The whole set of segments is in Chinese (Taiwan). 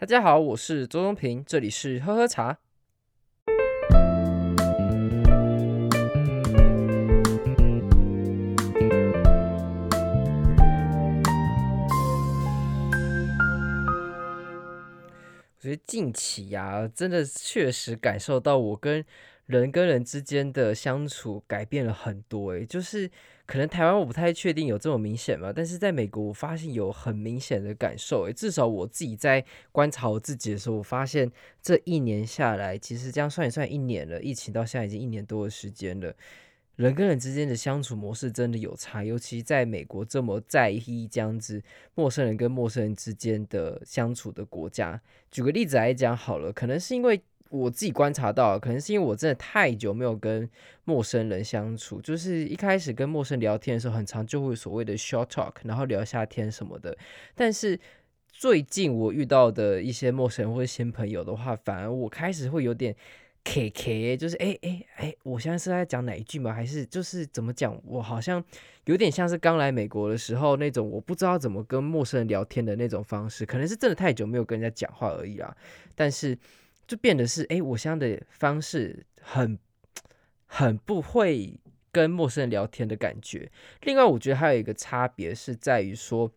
大家好，我是周中平，這裡是喝喝茶。我覺得近期呀、啊，真的確實感受到我跟。人跟人之間的相處改變了很多，欸，誒，就是可能台灣我不太確定有這麼明顯嘛，但是在美國我發現有很明顯的感受，欸，誒，至少我自己在觀察我自己的時候，我發現這一年下來，其實這樣算一算一年了，疫情到現在已經一年多的時間了，人跟人之間的相處模式真的有差，尤其是在美國這麼在意這樣子陌生人跟陌生人之間的相處的國家，舉個例子來講好了，可能是因為。我自己觀察到，可能是因為我真的太久沒有跟陌生人相處，就是一開始跟陌生人聊天的時候，很常就會所謂的 short talk，然後聊下天什麼的。但是最近我遇到的一些陌生人或者新朋友的話，反而我開始會有點 k k，就是哎哎哎，我現在是在講哪一句嗎？還是就是怎麼講？我好像有點像是剛來美國的時候那種，我不知道怎麼跟陌生人聊天的那種方式，可能是真的太久沒有跟人家講話而已啦，但是。就變得是，哎、欸，我這樣的方式很很不會跟陌生人聊天的感覺。另外，我覺得還有一個差別是在於說，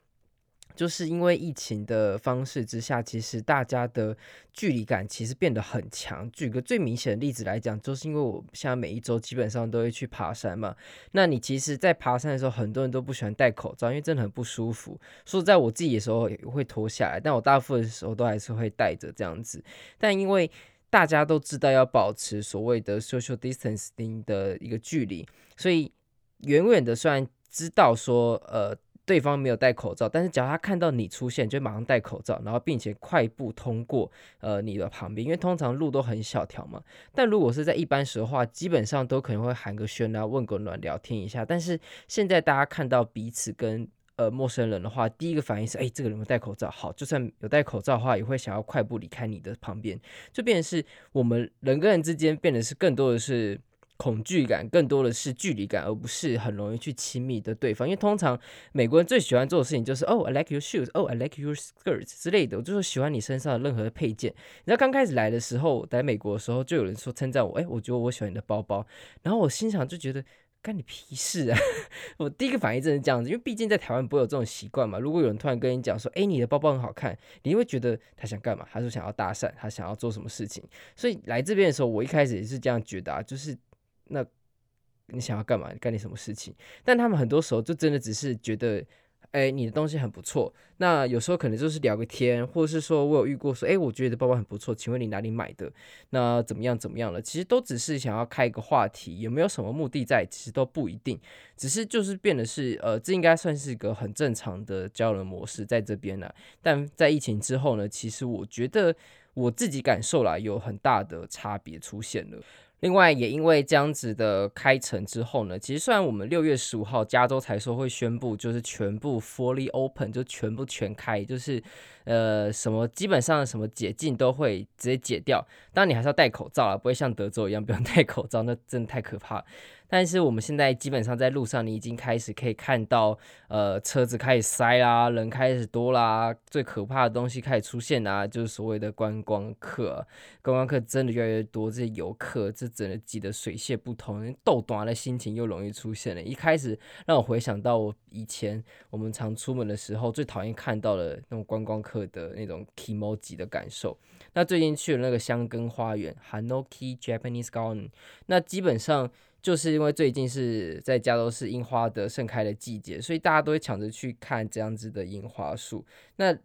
就是因為疫情的方式之下，其實大家的距離感其實變得很強。舉個最明顯的例子來講，就是因為我現在每一周基本上都會去爬山嘛。那你其實，在爬山的時候，很多人都不喜歡戴口罩，因為真的很不舒服。所以在我自己的時候，也會脫下來。但我大部分的時候都還是會戴着這樣子。但因為大家都知道要保持所謂的 social distance 的一個距離，所以遠遠的雖然知道說，呃。對方沒有戴口罩，但是只要他看到你出現，就馬上戴口罩，然後並且快步通過呃你的旁邊，因為通常路都很小條嘛。但如果是在一般時候的話，基本上都可能會寒個暄，然後問個暖，聊天一下。但是現在大家看到彼此跟呃陌生人的話，第一個反應是，哎，這個人有戴口罩，好，就算有戴口罩的話，也會想要快步離開你的旁邊，就變成是我們人跟人之間，變得是更多的是。恐懼感，更多的是距離感，而不是很容易去親密的對方。因為通常美國人最喜歡做的事情就是 Oh, I like your shoes，oh, I like your skirts 之類的，就是喜歡你身上的任何的配件。然後剛開始來的時候，在美國的時候，就有人說稱讚我，哎、欸，我覺得我喜歡你的包包。然後我心想就覺得幹你屁事啊！ 我第一個反應就是這樣子，因為畢竟在台灣不會有這種習慣嘛。如果有人突然跟你講說，哎、欸，你的包包很好看，你會覺得他想幹嘛？他說想要搭訕，他想要做什麼事情？所以來這邊的時候，我一開始也是這樣覺得啊，就是。那，你想要幹嘛？幹點什麼事情？但他們很多時候就真的只是覺得，哎、欸，你的東西很不錯。那有時候可能就是聊個天，或者是說，我有遇過說，哎、欸，我覺得包包很不錯，請問你哪裡買的？那怎麼樣？怎麼樣了？其實都只是想要開一個話題，有沒有什麼目的在？其實都不一定，只是就是變得是，呃，這應該算是一個很正常的交流模式在這邊呢。但在疫情之後呢，其實我覺得我自己感受啦，有很大的差別出現了。另外，也因為這樣子的開城之後呢，其實雖然我們六月十五號加州才說會宣布，就是全部 fully open，就全部全開，就是呃什麼基本上什麼解禁都會直接解掉。當然你還是要戴口罩啊，不會像德州一樣不用戴口罩，那真的太可怕。但是我們現在基本上在路上，你已經開始可以看到，呃，車子開始塞啦、啊，人開始多啦、啊，最可怕的東西開始出現啦、啊，就是所謂的觀光客、啊，觀光客真的越來越多，這些遊客這整個擠得水泄不通，賭爛的心情又容易出現了。一開始讓我回想到我以前我們常出門的時候最討厭看到的那種觀光客的那種 kimoji 的感受。那最近去了那個箱根花園 （Hakone Japanese Garden），那基本上。就是因為最近是在加州是櫻花的盛開的季節，所以大家都會搶着去看這樣子的櫻花樹。那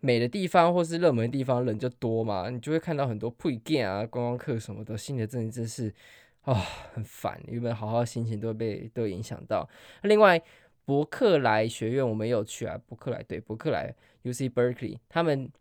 美的地方或是熱門的地方人就多嘛，你就會看到很多鋪墊啊、觀光客什麼的，心裡真的真是啊很煩，原本好好心情都被都影響到。另外，伯克萊學院我們有去啊，伯克萊對伯克萊 UC Berkeley 他們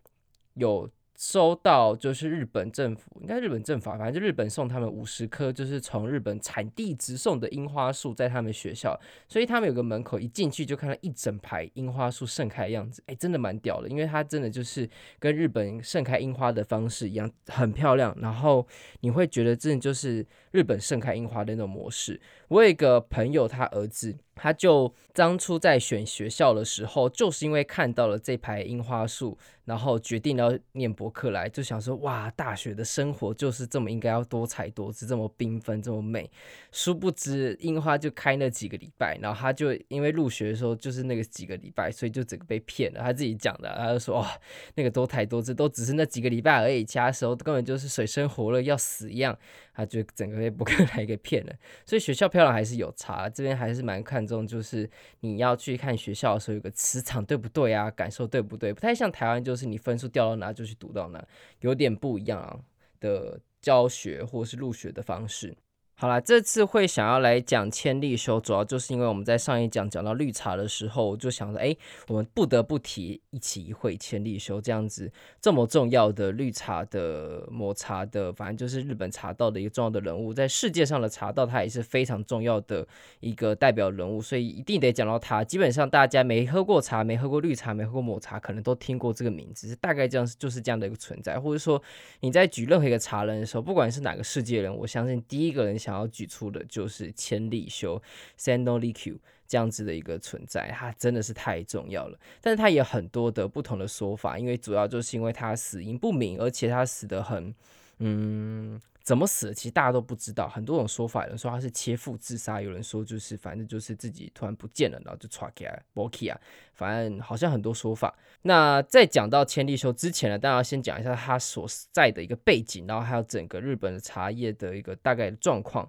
有。收到，就是日本政府，應該日本政府、啊，反正就日本送他們五十棵，就是從日本產地直送的櫻花樹在他們學校，所以他們有個門口，一進去就看到一整排櫻花樹盛開的樣子，哎、欸，真的蠻屌的，因為它真的就是跟日本盛開櫻花的方式一樣，很漂亮，然後你會覺得真的就是日本盛開櫻花的那種模式。我有一個朋友，他兒子。他就當初在選學校的時候，就是因為看到了這排櫻花樹，然後決定要念柏克萊，就想說哇，大學的生活就是這麼應該要多彩多姿，這麼繽紛，這麼美。殊不知櫻花就開那幾個禮拜，然後他就因為入學的時候就是那個幾個禮拜，所以就整個被騙了。他自己講的，他就說哇，那個多彩多姿都只是那幾個禮拜而已，其他時候根本就是水深火熱要死一樣。他就整個被柏克萊給騙了。所以學校漂亮還是有差，這邊還是蠻看。這種就是你要去看學校的時候，有個磁場對不對啊？感受對不對？不太像台灣，就是你分數掉到哪就去讀到哪，有點不一樣的教學或是入學的方式。好了，這次會想要來講千利休，主要就是因為我們在上一講講到綠茶的時候，我就想說，哎，我們不得不提一期一會千利休這樣子這麼重要的綠茶的抹茶的，反正就是日本茶道的一個重要的人物，在世界上的茶道，他也是非常重要的一個代表人物，所以一定得講到他。基本上大家沒喝過茶，沒喝過綠茶，沒喝過抹茶，可能都聽過這個名字，大概這樣就是這樣的一個存在，或者說你在舉任何一個茶人的時候，不管是哪個世界人，我相信第一個人。想要舉出的就是千利休 （Sen no Rikyū） 這樣子的一個存在，他真的是太重要了。但是他也有很多的不同的說法，因為主要就是因為他死因不明，而且他死的很，嗯。怎麼死的？其實大家都不知道，很多種說法。有人說他是切腹自殺，有人說就是反正就是自己突然不見了，然後就抓起來剝皮啊，反正好像很多說法。那在講到千利休之前呢，大家要先講一下他所在的一個背景，然後還有整個日本的茶葉的一個大概的狀況。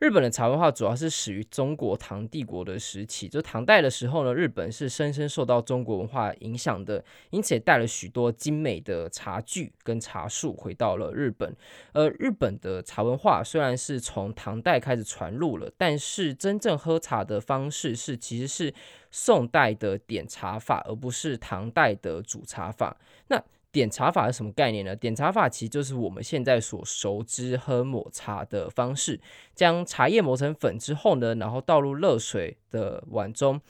日本的茶文化，主要是始於中國唐帝國的時期，就唐代的時候呢，日本是深深受到中國文化影響的，因此也帶了許多精美的茶具跟茶樹回到了日本。而日本的茶文化雖然是從唐代開始傳入了，但是真正喝茶的方式是其實是宋代的點茶法，而不是唐代的煮茶法。那點茶法是什麼概念呢？點茶法其實就是我們現在所熟知喝抹茶的方式，將茶葉磨成粉之後呢，然後倒入熱水的碗中。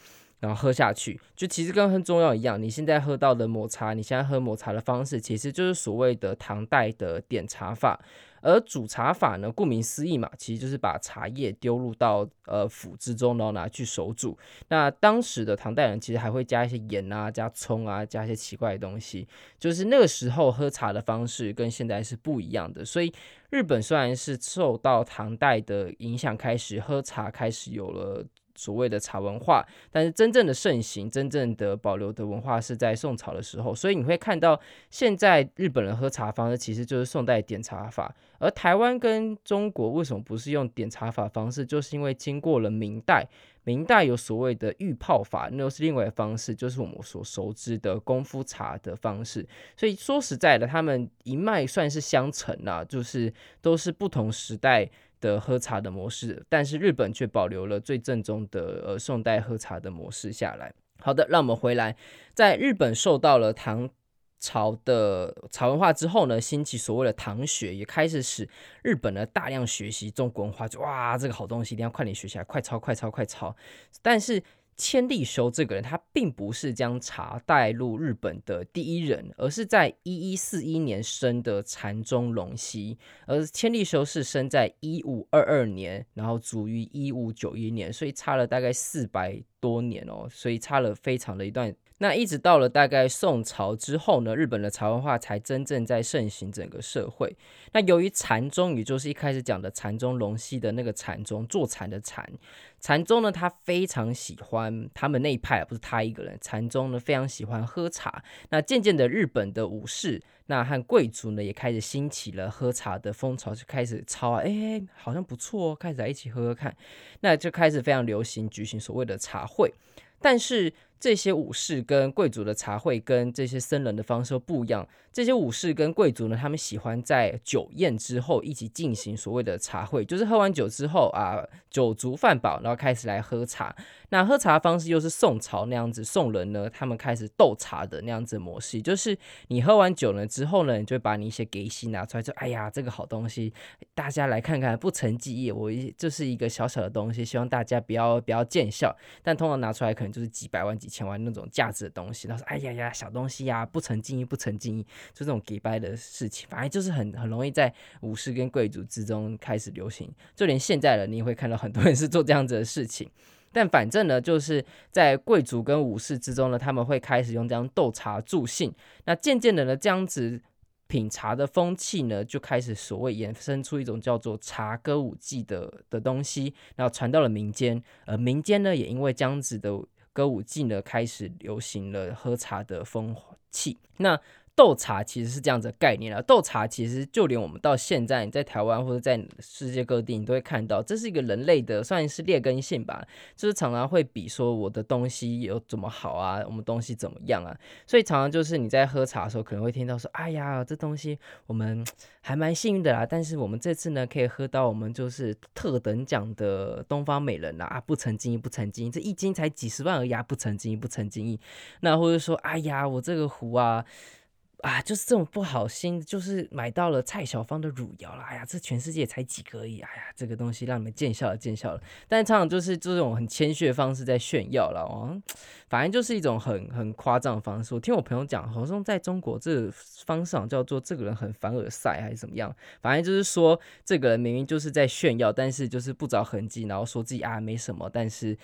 然後喝下去，就其實跟喝中藥一樣。你現在喝到的抹茶，你現在喝抹茶的方式，其實就是所謂的唐代的點茶法。而煮茶法呢，顧名思義嘛，其實就是把茶葉丟入到呃釜之中，然後拿去手煮。那當時的唐代人其實還會加一些鹽啊、加蔥啊、加一些奇怪的東西，就是那個時候喝茶的方式跟現在是不一樣的。所以日本雖然是受到唐代的影響，開始喝茶，開始有了。所謂的茶文化，但是真正的盛行、真正的保留的文化是在宋朝的時候，所以你會看到現在日本人喝茶的方式其實就是宋代點茶法。而台灣跟中國為什麼不是用點茶法方式，就是因為經過了明代，明代有所謂的瀹泡法，那又是另外的方式，就是我們所熟知的功夫茶的方式。所以說實在的，他們一脈算是相承啊，就是都是不同時代，的喝茶的模式，但是日本卻保留了最正宗的呃宋代喝茶的模式下來。好的，讓我們回來，在日本受到了唐朝的茶文化之後呢，興起所謂的唐學，也開始使日本呢大量學習中國文化。就哇，這個好東西，一定要快點學起來，快抄，快抄，快抄。但是。千利休這個人，他並不是將茶帶入日本的第一人，而是在一一四一年生的禪宗榮西，而千利休是生在一五二二年，然後卒於一五九一年，所以差了大概四百。多年哦，所以差了非常的一段。那一直到了大概宋朝之後呢，日本的茶文化才真正在盛行整個社會。那由於禪宗，也就是一開始講的禪宗龍溪的那個禪宗坐禪的禪，禪宗呢，他非常喜歡他們那一派，不是他一個人。禪宗呢，非常喜歡喝茶。那漸漸的，日本的武士。那和貴族呢，也開始興起了喝茶的風潮，就開始炒哎、啊欸，好像不錯哦，開始來一起喝喝看，那就開始非常流行舉行所謂的茶會。但是這些武士跟貴族的茶會跟這些僧人的方式不一樣。這些武士跟貴族呢，他們喜歡在酒宴之後一起進行所謂的茶會，就是喝完酒之後啊，酒足飯飽，然後開始來喝茶。那喝茶的方式又是宋朝那樣子，宋人呢，他們開始鬥茶的那樣子模式，就是你喝完酒了之後呢，你就會把你一些給息拿出來，就哎呀，這個好東西，大家來看看，不成敬意，我這是一個小小的東西，希望大家不要不要見笑。但通常拿出來可能就是幾百萬、幾千萬那種價值的東西，他說哎呀呀，小東西呀，啊，不成敬意，不成敬意。就這種給拜的事情，反正就是很很容易在武士跟貴族之中開始流行，就連現在呢，你也會看到很多人是做這樣子的事情。但反正呢，就是在貴族跟武士之中呢，他們會開始用這樣鬥茶助興。那漸漸的呢，這樣子品茶的風氣呢，就開始所謂衍生出一種叫做茶歌舞伎的的東西。然後傳到了民間，而、呃、民間呢也因為這樣子的歌舞伎呢，開始流行了喝茶的風氣。那鬥茶其實是這樣子的概念啦，鬥茶其實就連我們到現在在台灣或者在世界各地，你都會看到，這是一個人類的算是劣根性吧，就是常常會比說我的東西有怎麼好啊，我們東西怎麼樣啊，所以常常就是你在喝茶的時候，可能會聽到說，哎呀，這東西我們還蠻幸運的啦，但是我們這次呢，可以喝到我們就是特等獎的東方美人啦，啊，不成敬意，不成敬意，這一斤才幾十萬而已，不成敬意，不成敬意，那或者說，哎呀，我這個壺啊。啊，就是這種不好心，就是買到了蔡小芳的汝窯了。哎呀，這全世界才幾個而已。哎呀，這個東西讓你們見笑了，見笑了。但是常常就是這種很謙虛的方式在炫耀了。哦，反正就是一種很很誇張的方式。我聽我朋友講，好像在中國這方式好像叫做這個人很凡爾賽還是怎麼樣。反正就是說這個人明明就是在炫耀，但是就是不着痕跡，然後說自己啊沒什麼，但是。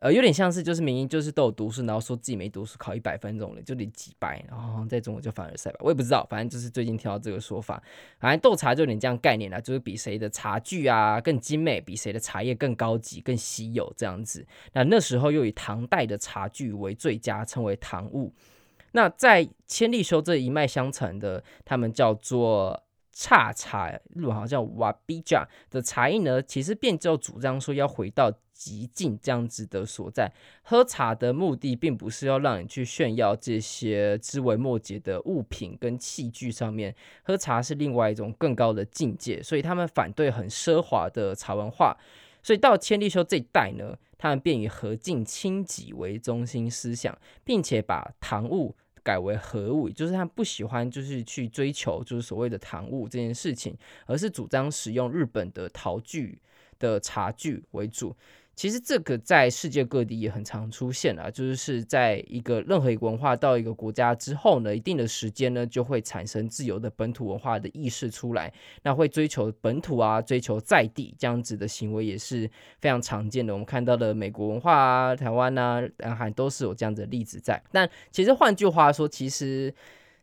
呃，有點像是就是明明就是都有讀書，然後說自己沒讀書，考一百分這種就得幾百，然後在中國就凡爾賽吧，我也不知道，反正就是最近聽到這個說法，反正鬥茶就有點這樣概念啦，就是比誰的茶具啊更精美，比誰的茶葉更高級、更稀有這樣子。那那時候又以唐代的茶具為最佳，稱為唐物。那在千利休這一脈相承的，他們叫做。茶茶，日本好像叫瓦比茶的茶藝呢，其實變就主張說要回到極境這樣子的所在。喝茶的目的並不是要讓你去炫耀這些枝微末節的物品跟器具上面，喝茶是另外一種更高的境界，所以他們反對很奢華的茶文化。所以到千利休這一代呢，他們便以和敬清寂為中心思想，並且把唐物。改為和物，就是他不喜歡，就是去追求，就是所謂的唐物這件事情，而是主張使用日本的陶具的茶具為主。其實這個在世界各地也很常出現啊，就是在一個任何一個文化到一個國家之後呢，一定的時間呢就會產生自由的本土文化的意識出來，那會追求本土啊，追求在地這樣子的行為也是非常常見的。我們看到的美國文化啊、台灣啊、南韓都是有這樣的例子在。但其實換句話說，其實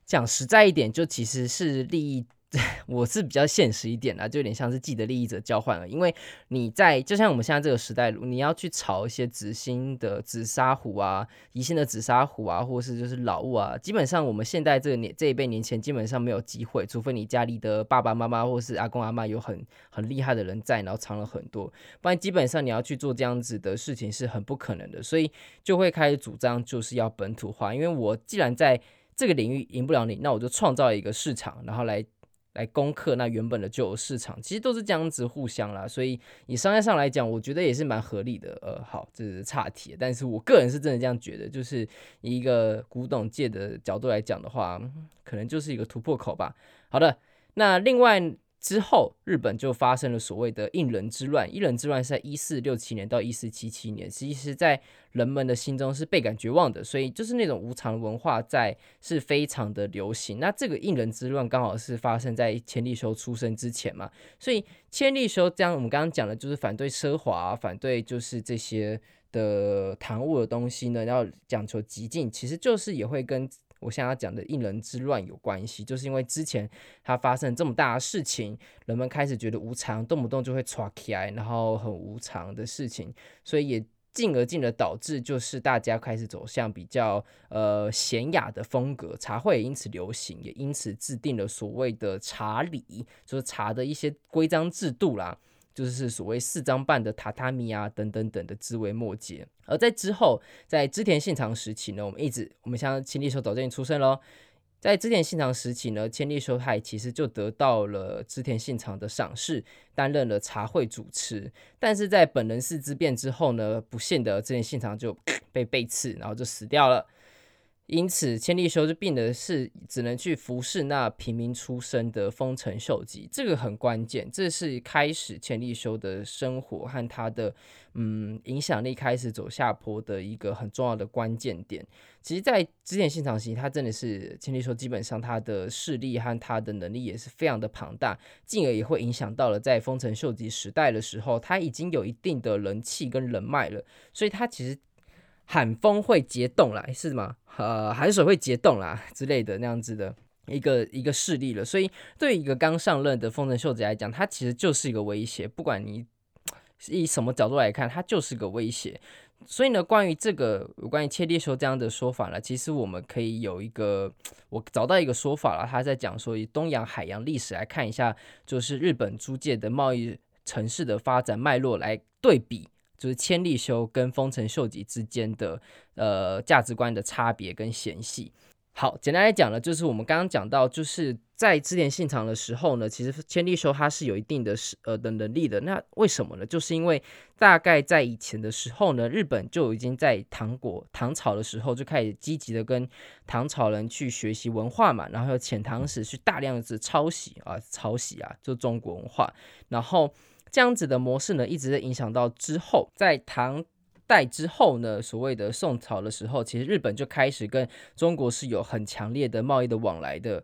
講實在一點，就其實是利益。 我是比較現實一點的，就有點像是既得利益者交換了。因為你在就像我們現在這個時代，你要去炒一些紫星的紫砂壺啊、宜興的紫砂壺啊，或是就是老物啊，基本上我們現在這個年這一輩年前基本上沒有機會，除非你家裡的爸爸媽媽或是阿公阿媽有很很厲害的人在，然後藏了很多，不然基本上你要去做這樣子的事情是很不可能的。所以就會開始主張就是要本土化。因為我既然在這個領域贏不了你，那我就創造一個市場，然後來。來攻克那原本的舊市場，其實都是這樣子互相啦，所以以商業上來講，我覺得也是蠻合理的。呃，好，這是岔題，但是我個人是真的這樣覺得，就是以一個古董界的角度來講的話，可能就是一個突破口吧。好的，那另外。之後，日本就發生了所謂的應仁之亂“應仁之亂”。應仁之亂是在一四六七年到一四七七年，其實在人們的心中是倍感絕望的，所以就是那種無常文化在是非常的流行。那這個應仁之亂剛好是發生在千利休出生之前嘛，所以千利休這樣我們剛剛講的就是反對奢華、啊，反對就是這些的唐物的東西呢，要講求極簡，其實就是也會跟。我想要講的“應仁之亂”有關係，就是因為之前它發生這麼大的事情，人們開始覺得無常，動不動就會吵起來，然後很無常的事情，所以也進而進而導致，就是大家開始走向比較呃閑雅的風格，茶會也因此流行，也因此制定了所謂的茶禮，就是茶的一些規章制度啦。就是所謂四張半的榻榻米啊，等等等的枝微末節。而在之後，在織田信長時期呢，我們一直我們像千利休早就已經出生咯。在織田信長時期呢，千利休派其實就得到了織田信長的賞識，擔任了茶會主持。但是在本能寺之變之後呢，不幸的織田信長就被被刺，然後就死掉了。因此，千利休就病的是只能去服侍那平民出身的豐臣秀吉，這個很關鍵，這是開始千利休的生活和他的嗯影響力開始走下坡的一個很重要的關鍵點。其實，在織田信長時期，其實他真的是千利休，基本上他的勢力和他的能力也是非常的龐大，進而也會影響到了在豐臣秀吉時代的時候，他已經有一定的人氣跟人脈了，所以他其實。寒風會結凍啦，是嗎？呃，海水會結凍啦之類的那樣子的一個一個事例了。所以，對於一個剛上任的豐臣秀吉來講，他其實就是一個威脅，不管你以什麼角度來看，他就是一個威脅。所以呢，關於這個關於千利休這樣的說法呢，其實我們可以有一個我找到一個說法了，他在講說以東洋海洋歷史來看一下，就是日本租界的貿易城市的發展脈絡來對比。就是千利休跟豐臣秀吉之間的呃價值觀的差別跟嫌隙。好，簡單來講呢，就是我們剛剛講到，就是在織田信長的時候呢，其實千利休他是有一定的是呃的能力的。那為什麼呢？就是因為大概在以前的時候呢，日本就已經在唐國唐朝的時候就開始積極的跟唐朝人去學習文化嘛，然後遣唐使去大量的抄襲啊，抄襲啊，就中國文化，然後。這樣子的模式呢，一直在影響到之後，在唐代之後呢，所謂的宋朝的時候，其實日本就開始跟中國是有很強烈的貿易的往來的。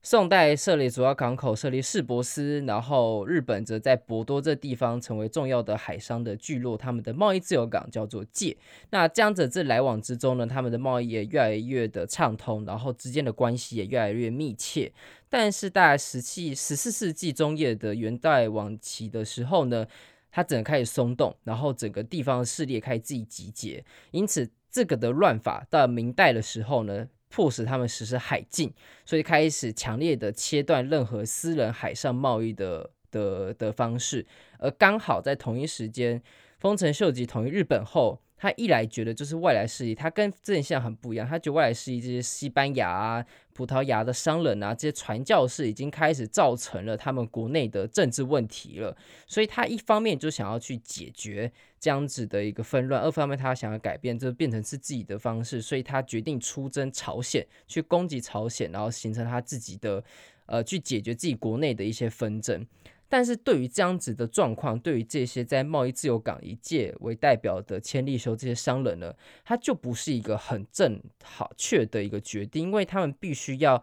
宋代設立主要港口，設立市舶司，然後日本則在博多這地方成為重要的海商的聚落，他們的貿易自由港叫做界。那這樣子這來往之中呢，他們的貿易也越來越的暢通，然後之間的關係也越來越密切。但是，大概十七、十四世紀中葉的元代晚期的時候呢，它整個開始鬆動，然後整個地方的勢力開始自己集結，因此這個的亂法到明代的時候呢。迫使他們實施海禁，所以開始強烈的切斷任何私人海上貿易的的的方式，而剛好在同一時間，豐臣秀吉統一日本後。他一來覺得就是外來勢力，他跟之前很不一樣。他覺得外來勢力，這些西班牙啊、葡萄牙的商人啊，這些傳教士已經開始造成了他們國內的政治問題了。所以他一方面就想要去解決這樣子的一個紛亂，二方面他想要改變，就變成是自己的方式。所以他決定出征朝鮮，去攻擊朝鮮，然後形成他自己的，呃，去解決自己國內的一些紛爭。但是對於這樣子的狀況，對於這些在貿易自由港以堺為代表的千利休這些商人呢，他就不是一個很正好確的一個決定，因為他們必須要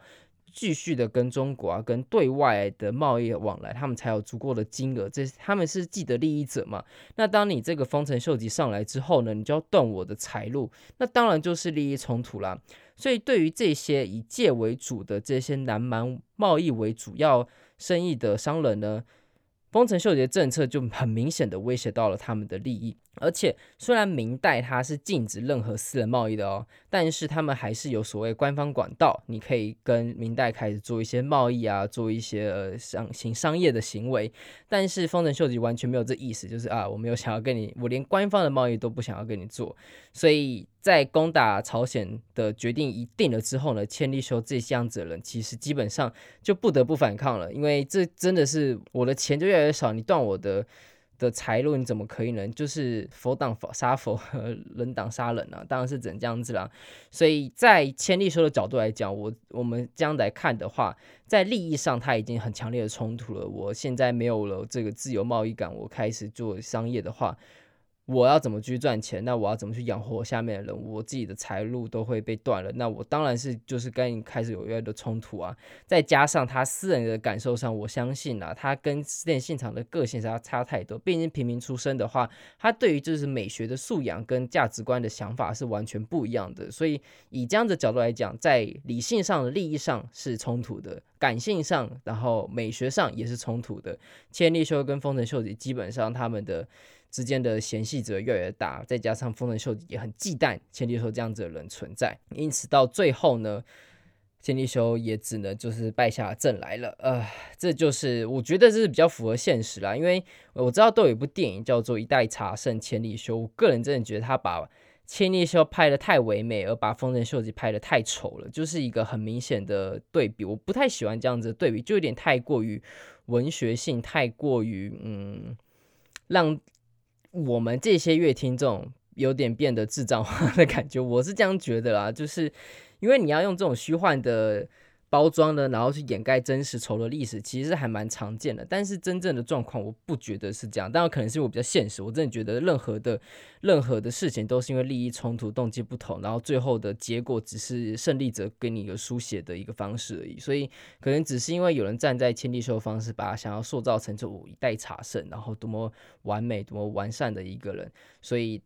繼續的跟中國啊，跟對外的貿易往來，他們才有足夠的金額。這他們是既得利益者嘛。那當你這個豐臣秀吉上來之後呢，你就要斷我的財路，那當然就是利益衝突啦。所以對於這些以堺為主的這些南蠻貿易為主要，生意的商人呢，豐臣秀吉的政策就很明顯的威脅到了他們的利益。而且，雖然明代它是禁止任何私人貿易的哦，但是他們還是有所謂官方管道，你可以跟明代開始做一些貿易啊，做一些呃、商行商業的行為。但是豐臣秀吉完全沒有這意思，就是啊，我沒有想要跟你，我連官方的貿易都不想要跟你做。所以在攻打朝鮮的決定一定了之後呢，千利休這些樣子的人其實基本上就不得不反抗了，因為這真的是我的錢就越來越少，你斷我的。的財路你怎麼可以呢？就是佛擋佛殺佛和人擋殺人啊，當然是怎這樣子啦。所以在千利休的角度來講，我我們將來看的話，在利益上他已經很強烈的衝突了。我現在沒有了這個自由貿易港，我開始做商業的話，我要怎麼去賺錢？那我要怎麼去養活下面的人？我自己的財路都會被斷了。那我當然是就是跟你開始有越來越多的衝突啊！再加上他私人的感受上，我相信啊，他跟事件現場的個性差差太多。畢竟平民出身的話，他對於就是美學的素養跟價值觀的想法是完全不一樣的。所以以這樣的角度來講，在理性上的利益上是衝突的，感性上，然後美學上也是衝突的。千利休跟豐臣秀吉基本上他們的。之間的嫌隙則越來越大，再加上豐臣秀吉也很忌憚千利休這樣子的人存在，因此到最後呢，千利休也只能就是敗下陣來了。呃，這就是我覺得這是比較符合現實啦，因為我知道都有一部電影叫做《一代茶聖千利休》，我個人真的覺得他把千利休拍的太唯美，而把豐臣秀吉拍的太醜了，就是一個很明顯的對比。我不太喜歡這樣子的對比，就有點太過於文學性，太過於嗯，讓。我們這些樂聽眾有點變得智障化的感覺，我是這樣覺得啦，就是因為你要用這種虛幻的。包裝呢，然後去掩蓋真實醜的歷史，其實還蠻常見的。但是真正的狀況，我不覺得是這樣。當然，可能是我比較現實，我真的覺得任何的任何的事情都是因為利益衝突、動機不同，然後最後的結果只是勝利者給你一個書寫的一個方式而已。所以，可能只是因為有人站在千利休的方式，把他想要塑造成就一代茶聖，然後多麼完美、多麼完善的一個人，所以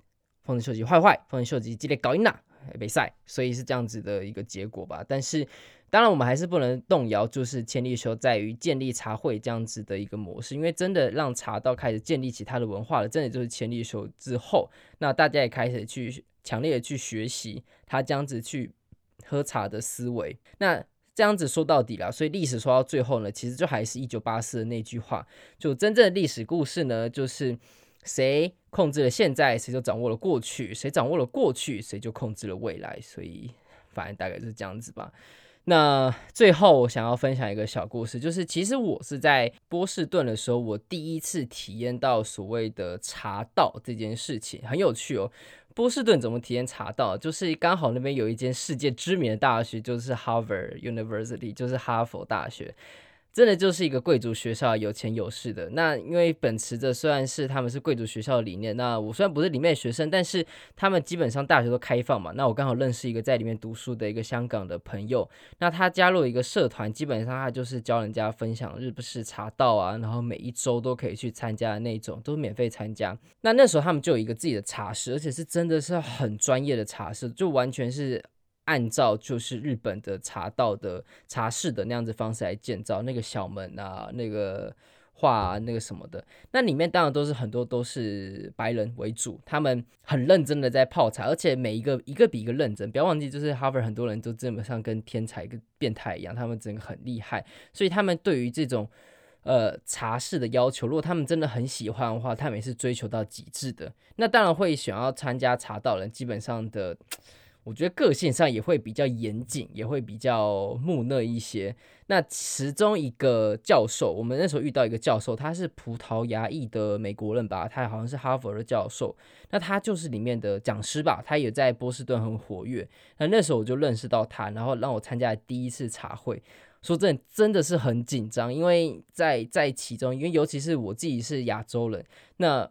豐臣秀吉壞壞，豐臣秀吉激烈搞贏了比賽，所以是這樣子的一個結果吧。但是，當然，我們還是不能動搖，就是千利休在於建立茶會這樣子的一個模式，因為真的讓茶道開始建立起它的文化了。真的就是千利休之後，那大家也開始去強烈的去學習他這樣子去喝茶的思維。那這樣子說到底了，所以歷史說到最後呢，其實就還是一九八四的那句話，就真正的歷史故事呢，就是誰控制了現在，誰就掌握了過去；誰掌握了過去，誰就控制了未來。所以，反正大概就是這樣子吧。那最後，我想要分享一個小故事，就是其實我是在波士頓的時候，我第一次體驗到所謂的茶道這件事情，很有趣哦。波士頓怎麼體驗茶道？就是剛好那邊有一間世界知名的大學，就是 Harvard University，就是哈佛大學。真的就是一個貴族學校，有錢有勢的。那因為本持的雖然是他們是貴族學校的理念，那我雖然不是裡面的學生，但是他們基本上大學都開放嘛。那我剛好認識一個在裡面讀書的一個香港的朋友，那他加入一個社團，基本上他就是教人家分享日式茶道啊，然後每一周都可以去參加的那種，都免費參加。那那時候他們就有一個自己的茶室，而且是真的是很專業的茶室，就完全是。按照就是日本的茶道的茶室的那樣子方式來建造，那個小門啊，那個畫、啊、那個什麼的，那裡面當然都是很多都是白人為主，他們很認真的在泡茶，而且每一個一個比一個認真。不要忘記，就是哈佛很多人都基本上跟天才跟變態一樣，他們真的很厲害，所以他們對於這種呃茶室的要求，如果他們真的很喜歡的話，他們也是追求到極致的。那當然會想要參加茶道人，基本上的。我覺得個性上也會比較嚴謹，也會比較木訥一些。那其中一個教授，我們那時候遇到一個教授，他是葡萄牙裔的美國人吧，他好像是哈佛的教授。那他就是裡面的講師吧，他也在波士頓很活躍。那那時候我就認識到他，然後讓我參加了第一次茶會。說真的，真的是很緊張，因為在在其中，因為尤其是我自己是亞洲人，那。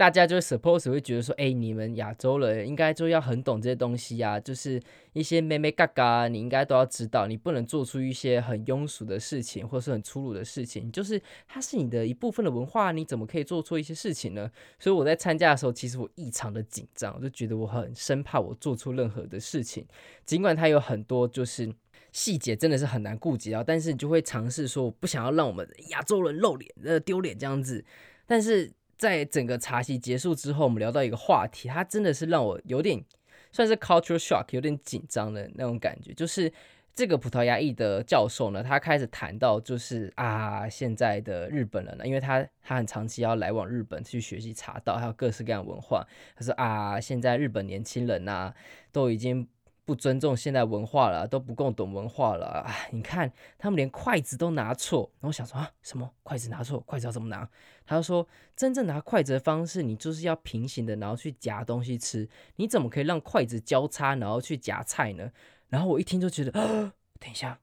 大家就 suppose 會覺得說，哎、欸，你們亞洲人應該就要很懂這些東西啊，就是一些妹妹、嘎嘎，你應該都要知道，你不能做出一些很庸俗的事情，或者是很粗魯的事情，就是它是你的一部分的文化，你怎麼可以做出一些事情呢？所以我在參加的時候，其實我異常的緊張，我就覺得我很生怕我做出任何的事情，儘管它有很多就是細節真的是很難顧及到，但是你就會嘗試說，我不想要讓我們亞洲人露臉、呃丟臉這樣子，但是。在整個茶席結束之後，我們聊到一個話題，它真的是讓我有點算是 cultural shock，有點緊張的那種感覺。就是這個葡萄牙裔的教授呢，他開始談到，就是啊，現在的日本人呢、啊，因為他他很長期要來往日本去學習茶道，還有各式各樣的文化。他說啊，現在日本年輕人吶、啊，都已經。不尊重現代文化了，都不夠懂文化了啊！你看他們連筷子都拿錯，然後我想說啊，什麼筷子拿錯，筷子要怎麼拿？他就說，真正拿筷子的方式，你就是要平行的，然後去夾東西吃。你怎麼可以讓筷子交叉，然後去夾菜呢？然後我一聽就覺得，啊，等一下，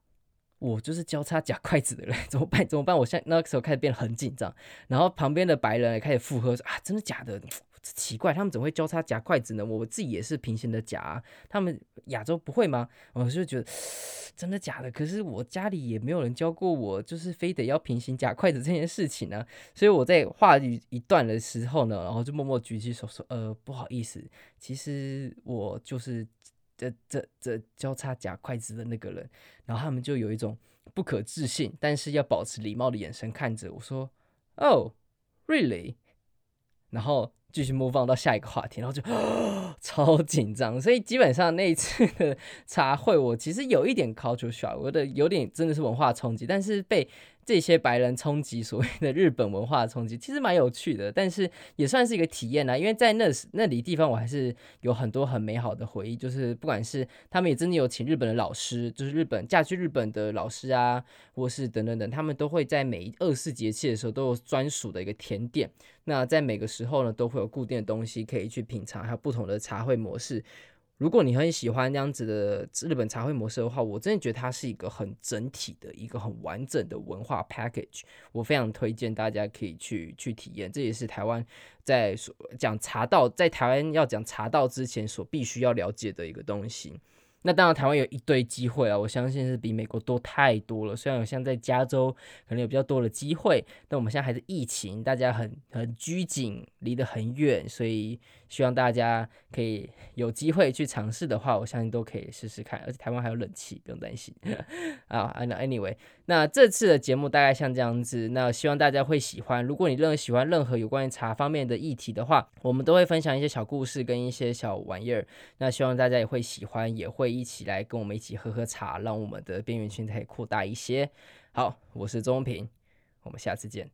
我就是交叉夾筷子的人，怎麼辦？怎麼辦？我現在那個時候開始變得很緊張，然後旁邊的白人也開始附和，啊，真的假的？奇怪，他們怎麼會交叉夾筷子呢？我自己也是平行的夾，他們亞洲不會嗎？我就覺得真的假的？可是我家裡也沒有人教過我，就是非得要平行夾筷子這件事情呢、啊。所以我在話語一段的時候呢，然後就默默舉起手說：“呃，不好意思，其實我就是這這這交叉夾筷子的那個人。”然後他們就有一種不可置信，但是要保持禮貌的眼神看着我說：“哦、oh, really？” 然後。繼續 move on 到下一個話題，然後就。 超緊張，所以基本上那一次的茶會，我其實有一點 culture shock，我覺得有點真的是文化衝擊，但是被這些白人衝擊，所謂的日本文化的衝擊，其實蠻有趣的，但是也算是一個體驗啦。因為在那時那裡地方，我還是有很多很美好的回憶，就是不管是他們也真的有請日本的老師，就是日本嫁去日本的老師啊，或是等等等，他們都會在每二十四節氣的時候都有專屬的一個甜點，那在每個時候呢，都會有固定的東西可以去品嘗，還有不同的。茶會模式，如果你很喜歡這樣子的日本茶會模式的話，我真的覺得它是一個很整體的一個很完整的文化 package，我非常推薦大家可以去去體驗。這也是台灣在講茶道，在台灣要講茶道之前所必須要了解的一個東西。那當然，台灣有一堆機會啊，我相信是比美國多太多了。雖然我像在加州可能有比較多的機會，但我們現在還是疫情，大家很很拘謹，離得很遠，所以希望大家可以有機會去嘗試的話，我相信都可以試試看。而且台灣還有冷氣，不用擔心啊。那、 oh, Anyway，那這次的節目大概像這樣子，那希望大家會喜歡。如果你任何喜歡任何有關於茶方面的議題的話，我們都會分享一些小故事跟一些小玩意兒。那希望大家也會喜歡，也會。一起來跟我們一起喝喝茶，讓我們的邊緣圈可以擴大一些。好，我是中平，我們下次見。